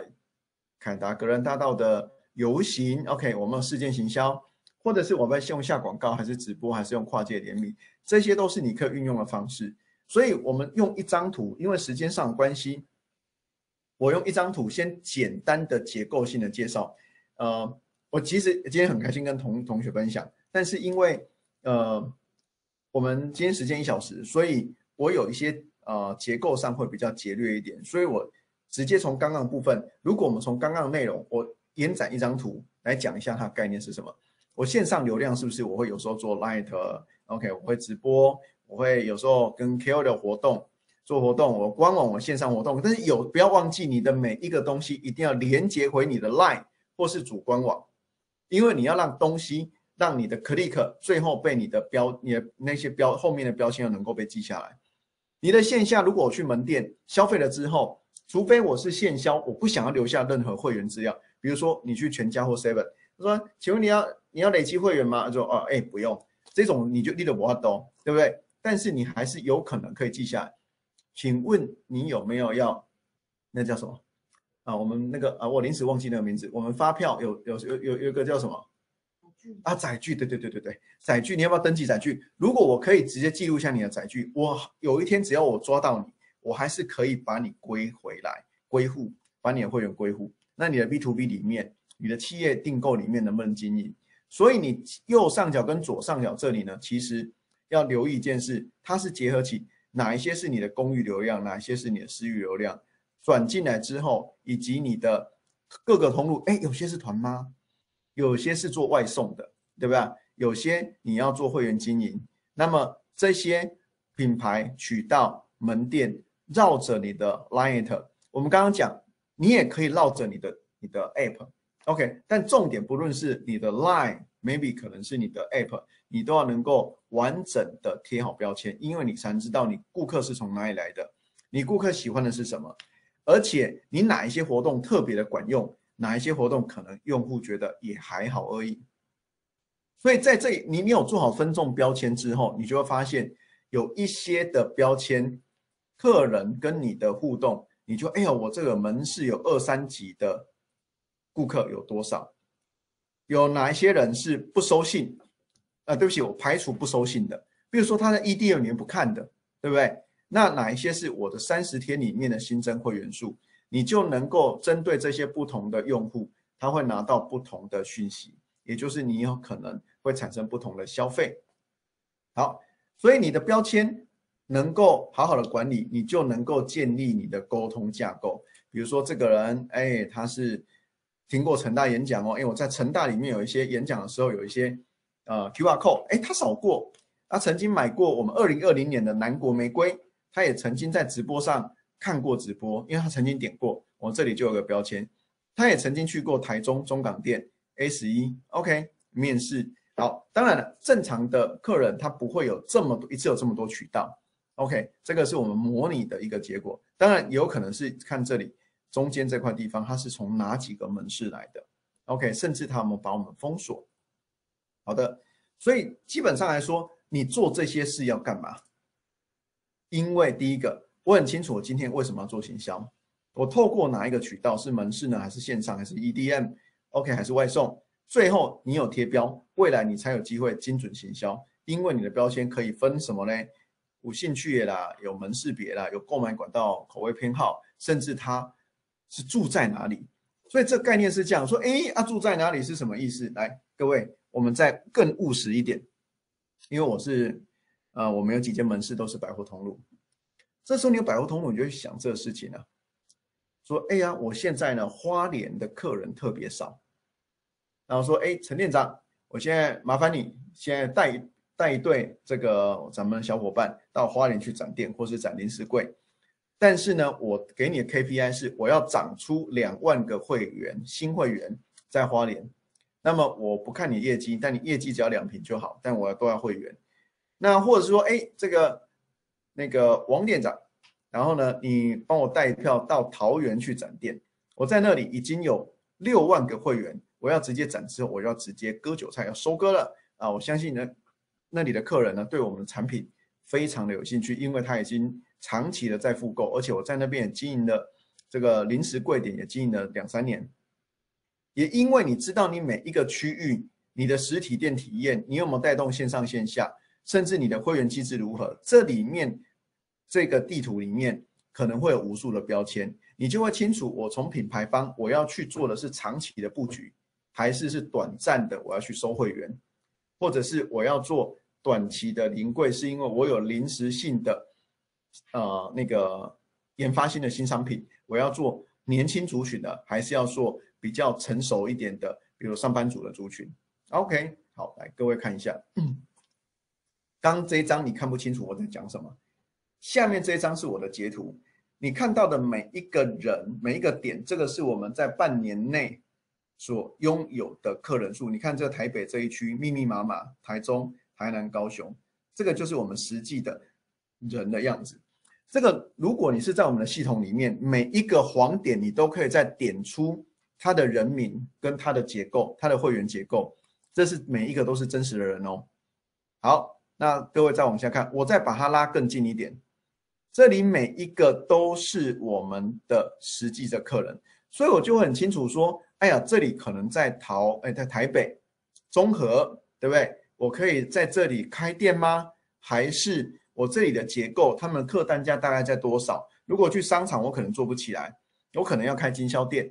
凱達格蘭大道的遊行，OK，我們有事件行銷，或者是我們先用下廣告，還是直播，還是用跨界聯名，這些都是你可以運用的方式。所以，我們用一張圖，因為時間上的關係，我用一張圖先簡單的結構性的介紹。呃，我其實今天很開心跟同同學分享，但是因為呃，我們今天時間一小時，所以我有一些呃結構上會比較節略一點，所以我。直接從剛剛的部分，如果我們從剛剛的內容，我延展一張圖來講一下它的概念是什麼。我線上流量是不是我會有時候做 line，OK，我會直播，我會有時候跟 KOL 的活動做活動，我官網我線上活動，但是有不要忘記你的每一個東西一定要連接回你的 line 或是主官網，因為你要讓東西讓你的 click 最後被你的標，你的那些標後面的標籤又能夠被記下來。你的線下如果我去門店消費了之後。除非我是現銷，我不想要留下任何會員資料。比如說，你去全家或 Seven，他說：“請問你要你要累積會員嗎？”他說：“哦、啊，哎、欸，不用。”這種你就 leave 我 do，對不對？但是你還是有可能可以記下來。請問你有沒有要那叫什麼啊？我們那個啊，我臨時忘記那個名字。我們發票有有有有有一個叫什麼？具巨啊，載具，對對對對對，載具，你要不要登記載具？如果我可以直接記錄一下你的載具，我有一天只要我抓到你，我還是可以把你歸回來、歸戶，把你的會員歸戶。那你的 B to B 裡面，你的企業訂購裡面能不能經營？所以你右上角跟左上角這裡呢，其實要留意一件事，它是結合起哪一些是你的公域流量，哪一些是你的私域流量轉進來之後，以及你的各個通路。哎，有些是團媽，有些是做外送的，對不對？有些你要做會員經營。那麼這些品牌、渠道、門店。繞着你的 line，end，我們剛剛講，你也可以繞着你的你的 app，OK，、okay，但重點不論是你的 line，maybe 可能是你的 app，你都要能夠完整的貼好標籤，因為你才知道你顧客是從哪裡來的，你顧客喜歡的是什麼，而且你哪一些活動特別的管用，哪一些活動可能用戶覺得也還好而已。所以在這裡，你你有做好分眾標籤之後，你就會發現有一些的標籤。客人跟你的互動，你就哎呀，我這個門市有二三級的顧客有多少？有哪一些人是不收信？啊、呃，對不起，我排除不收信的，比如說他在 EDM 裡面不看的，對不對？那哪一些是我的三十天裡面的新增會員數？你就能夠針對這些不同的用戶，他會拿到不同的訊息，也就是你有可能會產生不同的消費。好，所以你的標籤。能夠好好的管理，你就能夠建立你的溝通架構。比如說這個人，哎，他是聽過成大演講哦，因、哎、為我在成大裡面有一些演講的時候，有一些呃 QR code，哎，他掃過，他曾經買過我們二零二零年的南國玫瑰，他也曾經在直播上看過直播，因為他曾經點過，我這裡就有個標籤，他也曾經去過台中中港店 A 十一 OK 面試。好，當然了，正常的客人他不會有這麼多，一次有這麼多渠道。OK，這個是我們模擬的一個結果。當然有可能是看這裡中間這塊地方，它是從哪幾個門市來的？OK，甚至他們把我們封鎖。好的，所以基本上來說，你做這些事要幹嘛？因為第一個，我很清楚，我今天為什麼要做行銷。我透過哪一個渠道，是門市呢？還是線上？還是 EDM？OK，還是外送？最後你有貼標，未來你才有機會精準行銷。因為你的標籤可以分什麼呢？有興趣的啦，有門市別的啦，有購買管道、口味偏好，甚至他是住在哪裡。所以這概念是這樣說，哎，他、啊、住在哪裡是什麼意思？來，各位，我們再更務實一點。因為我是，呃，我們有幾間門市都是百貨通路。這時候你有百貨通路，你就會想這個事情呢、啊、說，哎呀，我現在呢，花蓮的客人特別少。然後說，哎，陳店長，我現在麻煩你，現在帶。帶一隊這個咱們小夥伴到花蓮去展店，或是展臨時櫃，但是呢，我給你的 KPI 是我要漲出兩萬個會員新會員在花蓮。那麼我不看你業績，但你業績只要兩瓶就好。但我要都要會員。那或者是說，哎，這個那個王店長，然後呢，你幫我帶一票到桃園去展店。我在那裡已經有六萬個會員，我要直接展之後我要直接割韭菜，要收割了啊！我相信呢，那裡的客人呢，對我們的產品非常的有興趣，因為他已經長期的在複購，而且我在那邊也經營了這個臨時櫃點，也經營了兩三年。也因為你知道你每一個區域，你的實體店體驗，你有沒有帶動線上線下，甚至你的會員機制如何，這裡面這個地圖裡面可能會有無數的標籤，你就會清楚我從品牌方我要去做的是長期的布局，還是是短暫的我要去收會員，或者是我要做。短期的臨櫃是因為我有臨時性的，呃，那個研發新的新商品，我要做年輕族群的，還是要做比較成熟一點的，比如上班族的族群。OK，好，來，各位看一下，剛這一張你看不清楚我在講什麼，下面這一張是我的截圖，你看到的每一個人，每一個點，這個是我們在半年內所擁有的客人數。你看這台北這一區密密麻麻，台中。台南、高雄，這個就是我們實際的人的樣子。這個如果你是在我們的系統裡面，每一個黃點你都可以再點出他的人名跟他的結構、他的會員結構，這是每一個都是真實的人哦。好，那各位再往下看，我再把它拉更近一點，這裡每一個都是我們的實際的客人，所以我就很清楚說，哎呀，這裡可能在桃，哎，在台北綜合，對不對？我可以在這裡開店嗎？還是我這裡的結構，他們客單價大概在多少？如果去商場，我可能做不起來，有可能要開經銷店，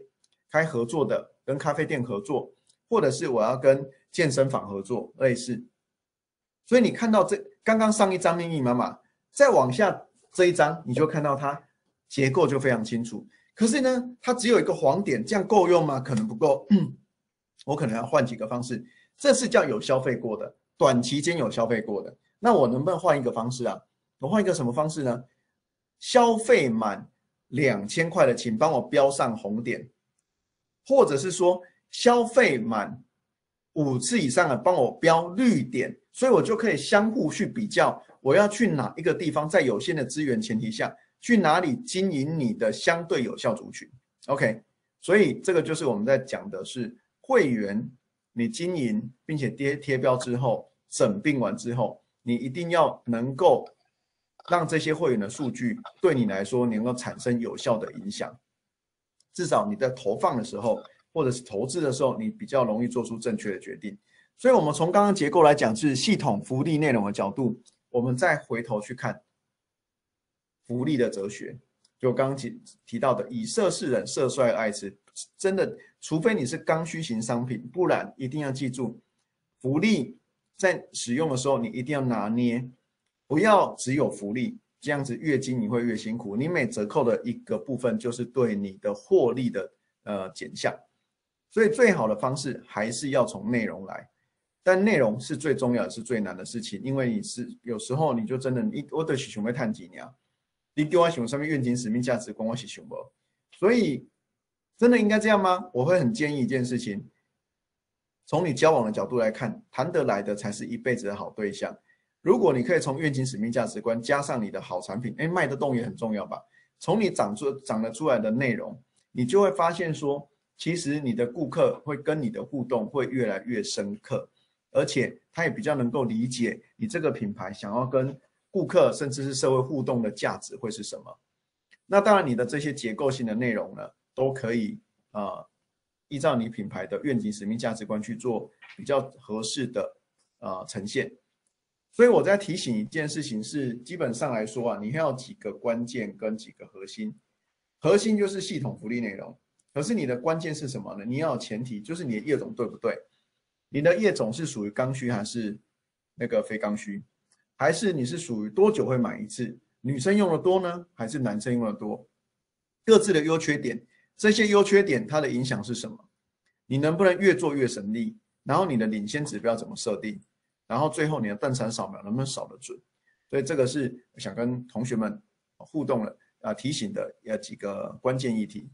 開合作的，跟咖啡店合作，或者是我要跟健身房合作，類似。所以你看到這，剛剛上一張密密麻麻，再往下這一張，你就看到它結構就非常清楚。可是呢，它只有一個黃點，這樣夠用嗎？可能不夠，嗯，我可能要換幾個方式。這是叫有消費過的。短期間有消費過的，那我能不能換一個方式啊？我換一個什麼方式呢？消費滿兩千塊的，請幫我標上紅點，或者是說消費滿五次以上的，幫我標綠點，所以我就可以相互去比較，我要去哪一個地方，在有限的資源前提下，去哪裡經營你的相對有效族群。OK，所以這個就是我們在講的是會員。你經營並且貼貼標之後，整併完之後，你一定要能夠讓這些會員的數據對你來說，能夠產生有效的影響。至少你在投放的時候，或者是投資的時候，你比較容易做出正確的決定。所以，我們從剛剛結構來講，是系統福利內容的角度，我們再回頭去看福利的哲學，就剛剛提提到的“以色事人，色衰愛弛”，真的。除非你是剛需型商品，不然一定要記住，福利在使用的時候你一定要拿捏，不要只有福利，這樣子越經營，你會越辛苦。你每折扣的一個部分就是對你的獲利的呃減項，所以最好的方式還是要從內容來，但內容是最重要也是最難的事情，因為你是有時候你就真的你我寫熊沒談幾年，你丟在熊上面願景使命價值觀我寫熊所以。真的應該這樣嗎？我會很建議一件事情，從你交往的角度來看，談得來的才是一輩子的好對象。如果你可以從願景、使命、價值觀，加上你的好產品，誒，賣得動也很重要吧。從你長出、長得出來的內容，你就會發現說，其實你的顧客會跟你的互動會越來越深刻，而且他也比較能夠理解你這個品牌想要跟顧客甚至是社會互動的價值會是什麼。那當然，你的這些結構性的內容呢？都可以啊、呃，依照你品牌的願景、使命、價值觀去做比較合適的啊、呃、呈現。所以我在提醒一件事情是，基本上來說啊，你要幾個關鍵跟幾個核心。核心就是系統福利內容，可是你的關鍵是什麼呢？你要有前提就是你的業種對不對？你的業種是屬於剛需還是那個非剛需？還是你是屬於多久會買一次？女生用的多呢，還是男生用的多？各自的優缺點。這些優缺點它的影響是什麼？你能不能越做越省力？然後你的領先指標怎麼設定？然後最後你的斷層掃描能不能掃得準？所以這個是我想跟同學們互動的啊、呃，提醒的要幾個關鍵議題。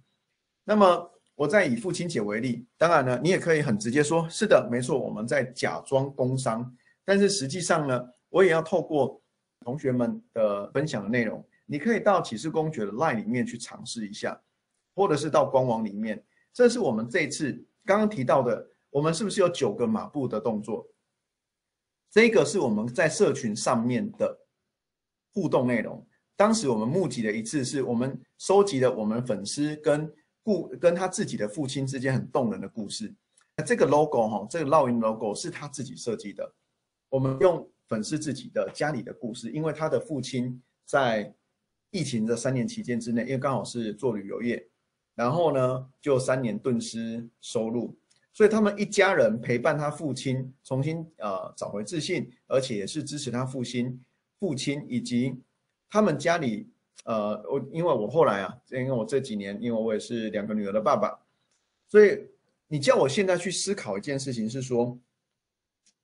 那麼我再以父親節為例，當然呢，你也可以很直接說，是的，沒錯，我們在假裝工商，但是實際上呢，我也要透過同學們的分享的內容，你可以到《起士公爵》的 LINE 裡面去嘗試一下。或者是到官網裡面，這是我們這一次剛剛提到的，我們是不是有九個馬步的動作？這個是我們在社群上面的互動內容。當時我們募集的一次，是我們收集了我們粉絲跟故跟他自己的父親之間很動人的故事。那這個 logo 哈，這個烙印 logo 是他自己設計的。我們用粉絲自己的家裡的故事，因為他的父親在疫情的三年期間之內，因為剛好是做旅遊業。然後呢，就三年頓失收入，所以他們一家人陪伴他父親重新呃找回自信，而且也是支持他父親、父親以及他們家裡。呃，我因為我後來啊，因為我這幾年，因為我也是兩個女兒的爸爸，所以你叫我現在去思考一件事情，是說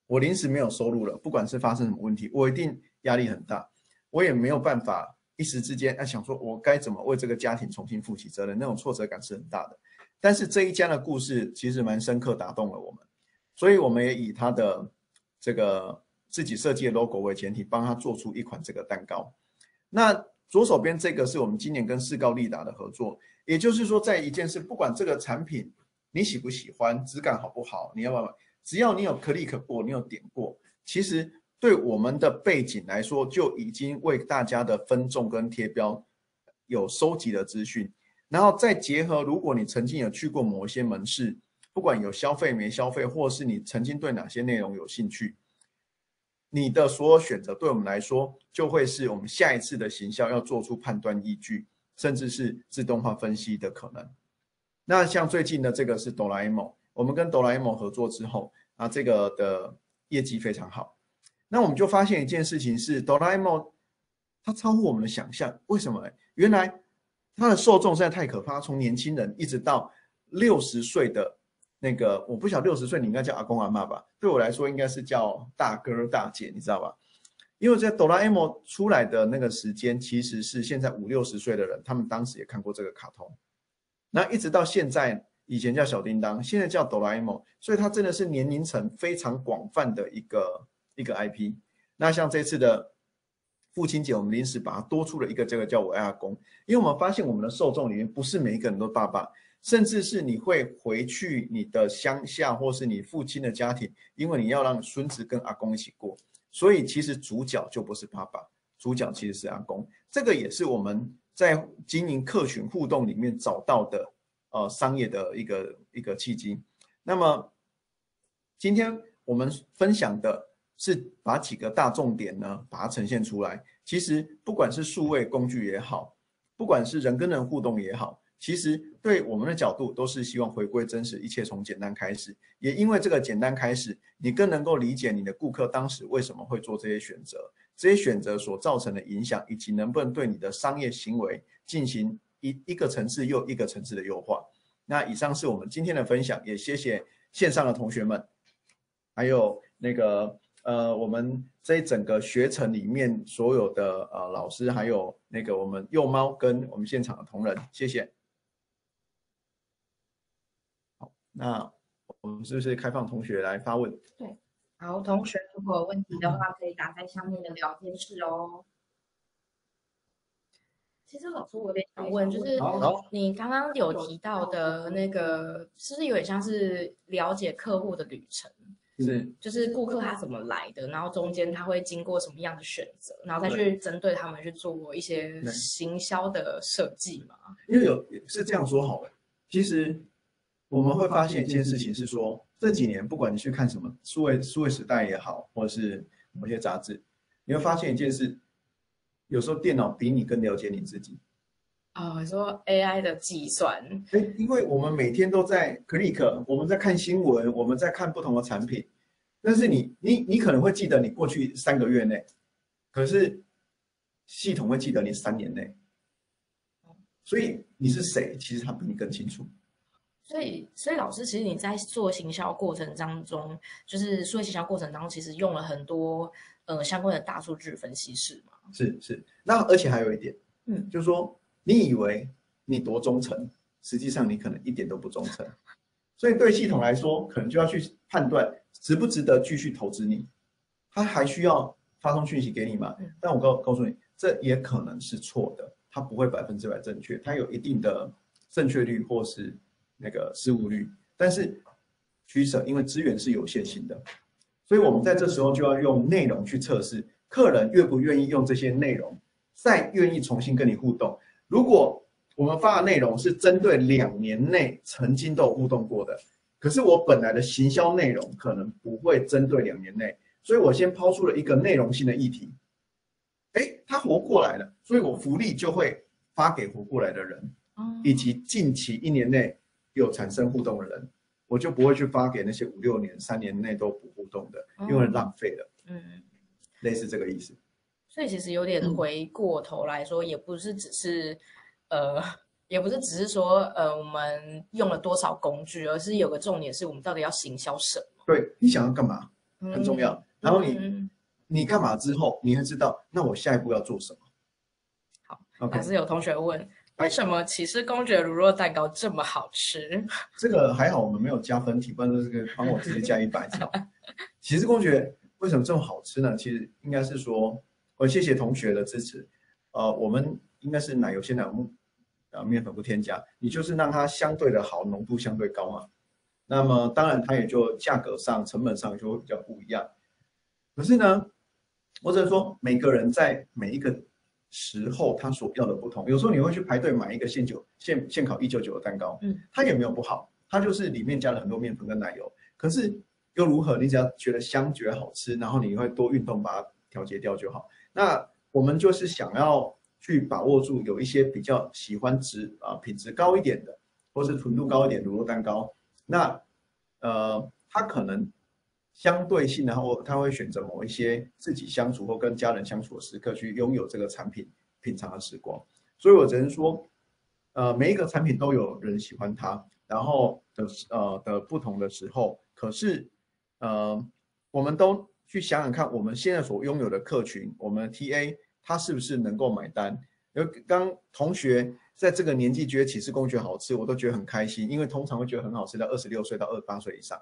我臨時沒有收入了，不管是發生什麼問題，我一定壓力很大，我也沒有辦法。一時之間，哎，想說，我該怎麼為這個家庭重新負起責任？那種挫折感是很大的。但是這一家的故事其實蠻深刻，打動了我們，所以我們也以他的這個自己設計的 logo 為前提，幫他做出一款這個蛋糕。那左手邊這個是我們今年跟士高利達的合作，也就是說，在一件事，不管這個產品你喜不喜歡，質感好不好，你要不要買？只要你有 click 過，你有點過，其實。對我們的背景來說，就已經為大家的分眾跟貼標有收集的資訊，然後再結合，如果你曾經有去過某些門市，不管有消費沒消費，或是你曾經對哪些內容有興趣，你的所有選擇對我們來說，就會是我們下一次的行銷要做出判斷依據，甚至是自動化分析的可能。那像最近的這個是哆啦 A 夢，我們跟哆啦 A 夢合作之後，啊，這個的業績非常好。那我們就發現一件事情是哆啦 A 夢，它超乎我們的想象。為什麼呢？原來它的受眾實在太可怕，從年輕人一直到六十歲的那個，我不曉得六十歲你應該叫阿公阿嬤吧？對我來說應該是叫大哥大姐，你知道吧？因為在哆啦 A 夢出來的那個時間，其實是現在五六十歲的人，他們當時也看過這個卡通。那一直到現在，以前叫小叮噹，現在叫哆啦 A 夢，所以它真的是年齡層非常廣泛的一個。一個 IP，那像這次的父親節，我們臨時把它多出了一個，這個叫我愛阿公，因為我們發現我們的受眾裡面不是每一個人都爸爸，甚至是你會回去你的鄉下或是你父親的家庭，因為你要讓孫子跟阿公一起過，所以其實主角就不是爸爸，主角其實是阿公。這個也是我們在經營客群互動裡面找到的呃商業的一個一個契機。那麼今天我們分享的。是把幾個大重點呢，把它呈現出來。其實不管是數位工具也好，不管是人跟人互動也好，其實對我們的角度都是希望回歸真實，一切從簡單開始。也因為這個簡單開始，你更能夠理解你的顧客當時為什麼會做這些選擇，這些選擇所造成的影響，以及能不能對你的商業行為進行一一個層次又一個層次的優化。那以上是我們今天的分享，也謝謝線上的同學們，還有那個。呃，我們這一整個學程裡面所有的呃老師，還有那個我們幼貓跟我們現場的同仁，謝謝。好，那我們是不是開放同學來發問？對，好，同學如果有問題的話，可以打在下面的聊天室哦。嗯。其實老師我有點想問，就是你剛剛有提到的那個，是不是有點像是了解客戶的旅程？是，就是顧客他怎麼來的，然後中間他會經過什麼樣的選擇，然後再去針對他們去做一些行銷的設計嘛？因為有，是這樣說好了，其實我們會發現一件事情是說，這幾年不管你去看什麼，數位數位時代也好，或者是某些雜誌，你會發現一件事，有時候電腦比你更了解你自己。啊、哦，說 AI 的計算，哎，因為我們每天都在 click，我們在看新聞，我們在看不同的產品，但是你，你，你可能會記得你過去三個月內，可是系統會記得你三年內，所以你是誰，其實他比你更清楚。所以，所以老師，其實你在做行銷過程當中，就是做行銷過程當中，其實用了很多呃相關的大數據分析是嗎？是是，那而且還有一點，嗯，就是說。你以為你多忠誠，實際上你可能一點都不忠誠，所以對系統來說，可能就要去判斷值不值得繼續投資你，他還需要發送訊息給你嗎？但我告訴告訴你，這也可能是錯的，它不會百分之百正確，它有一定的正確率或是那個失誤率。但是取舍，因為資源是有限性的，所以我們在這時候就要用內容去測試，客人願不願意用這些內容，再願意重新跟你互動。如果我們發的內容是針對兩年內曾經都有互動過的，可是我本來的行銷內容可能不會針對兩年內，所以我先拋出了一個內容性的議題，哎，他活過來了，所以我福利就會發給活過來的人，哦、以及近期一年內有產生互動的人，我就不會去發給那些五六年、三年內都不互動的，因為浪費了，哦、嗯，類似這個意思。所以其實有點回過頭來說，嗯、也不是只是，呃，也不是只是說，呃，我們用了多少工具，而是有個重點是我們到底要行銷什麼？對你想要幹嘛很重要。嗯、然後你、嗯、你幹嘛之後，你會知道那我下一步要做什麼。好 o Okay, 還是有同學問，為什麼起士公爵乳酪蛋糕這麼好吃？這個還好，我們沒有加分題，不然這個幫我直接加一百。起士 公爵為什麼這麼好吃呢？其實應該是說。我謝謝同學的支持，呃，我們應該是奶油鮮奶油，啊，麵粉不添加，你就是讓它相對的好，濃度相對高嘛，那麼當然它也就價格上、成本上就會比較不一樣。可是呢，或者說每個人在每一個時候他所要的不同，有時候你會去排隊買一個現酒現現烤一九九的蛋糕，嗯，它也沒有不好，它就是裡面加了很多麵粉跟奶油，可是又如何？你只要覺得香、覺得好吃，然後你會多運動吧。調節掉就好。那我們就是想要去把握住有一些比較喜歡值啊，品質高一點的，或是純度高一點乳酪蛋糕。那呃，他可能相對性，然後他會選擇某一些自己相處或跟家人相處的時刻去擁有這個產品品嘗的時光。所以我只能說，呃，每一個產品都有人喜歡它，然後的呃的不同的時候。可是呃，我們都。去想想看，我們現在所擁有的客群，我們的 TA 他是不是能夠買單？有剛同學在這個年紀覺得起司公爵好吃，我都覺得很開心，因為通常會覺得很好吃在二十六歲到二十八歲以上，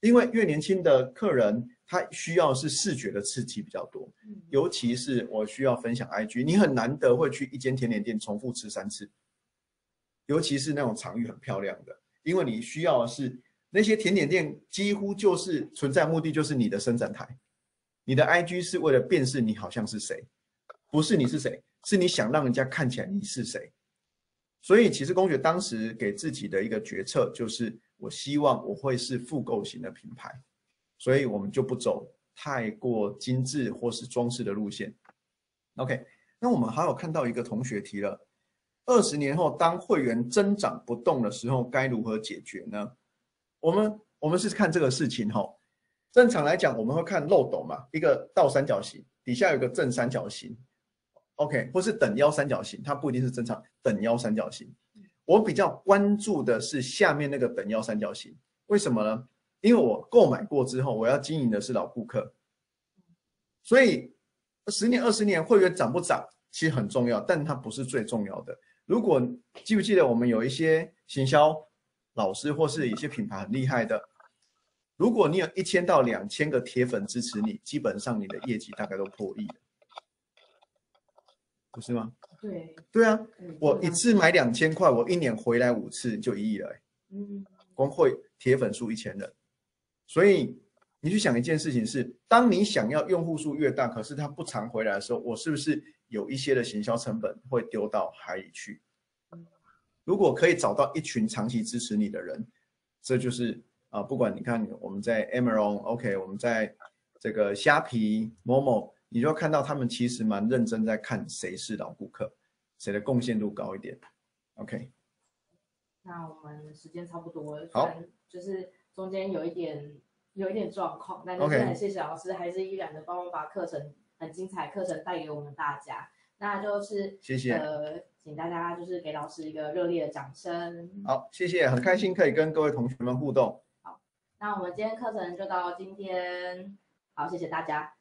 因為越年輕的客人他需要是視覺的刺激比較多，尤其是我需要分享 IG，你很難得會去一間甜點店重複吃三次，尤其是那種場域很漂亮的，因為你需要的是。那些甜點店幾乎就是存在目的，就是你的伸展台，你的 IG 是為了辨識你好像是誰，不是你是誰，是你想讓人家看起來你是誰。所以其實公爵當時給自己的一個決策就是，我希望我會是複購型的品牌，所以我們就不走太過精致或是裝飾的路線。OK，那我們還有看到一個同學提了，二十年後當會員增長不動的時候，該如何解決呢？我們我們是看這個事情吼，正常來講我們會看漏斗嘛，一個倒三角形底下有個正三角形，OK，或是等腰三角形，它不一定是正常等腰三角形。我比較關注的是下面那個等腰三角形，為什麼呢？因為我購買過之後，我要經營的是老顧客，所以十年二十年會員漲不漲其實很重要，但它不是最重要的。如果記不記得我們有一些行銷？老師或是一些品牌很厲害的，如果你有一千到兩千個鐵粉支持你，基本上你的業績大概都破億了，不是嗎？對。對啊，我一次買兩千塊，我一年回來五次就一億了，欸，嗯。光會鐵粉數一千人，所以你去想一件事情是：當你想要用戶數越大，可是他不常回來的時候，我是不是有一些的行銷成本會丟到海裡去？如果可以找到一群長期支持你的人，這就是啊、呃，不管你看我們在 Amazon OK，我們在這個蝦皮某某，Momo, 你就看到他們其實蠻認真在看誰是老顧客，誰的貢獻度高一點，OK。那我們時間差不多，好就是中間有一點有一點狀況，但,但是還是謝謝老師，OK 還是依然的幫我把課程很精彩課程帶給我們大家，那就是謝謝。呃請大家就是給老師一個熱烈的掌聲。好，謝謝，很開心可以跟各位同學們互動。好，那我們今天課程就到今天。好，謝謝大家。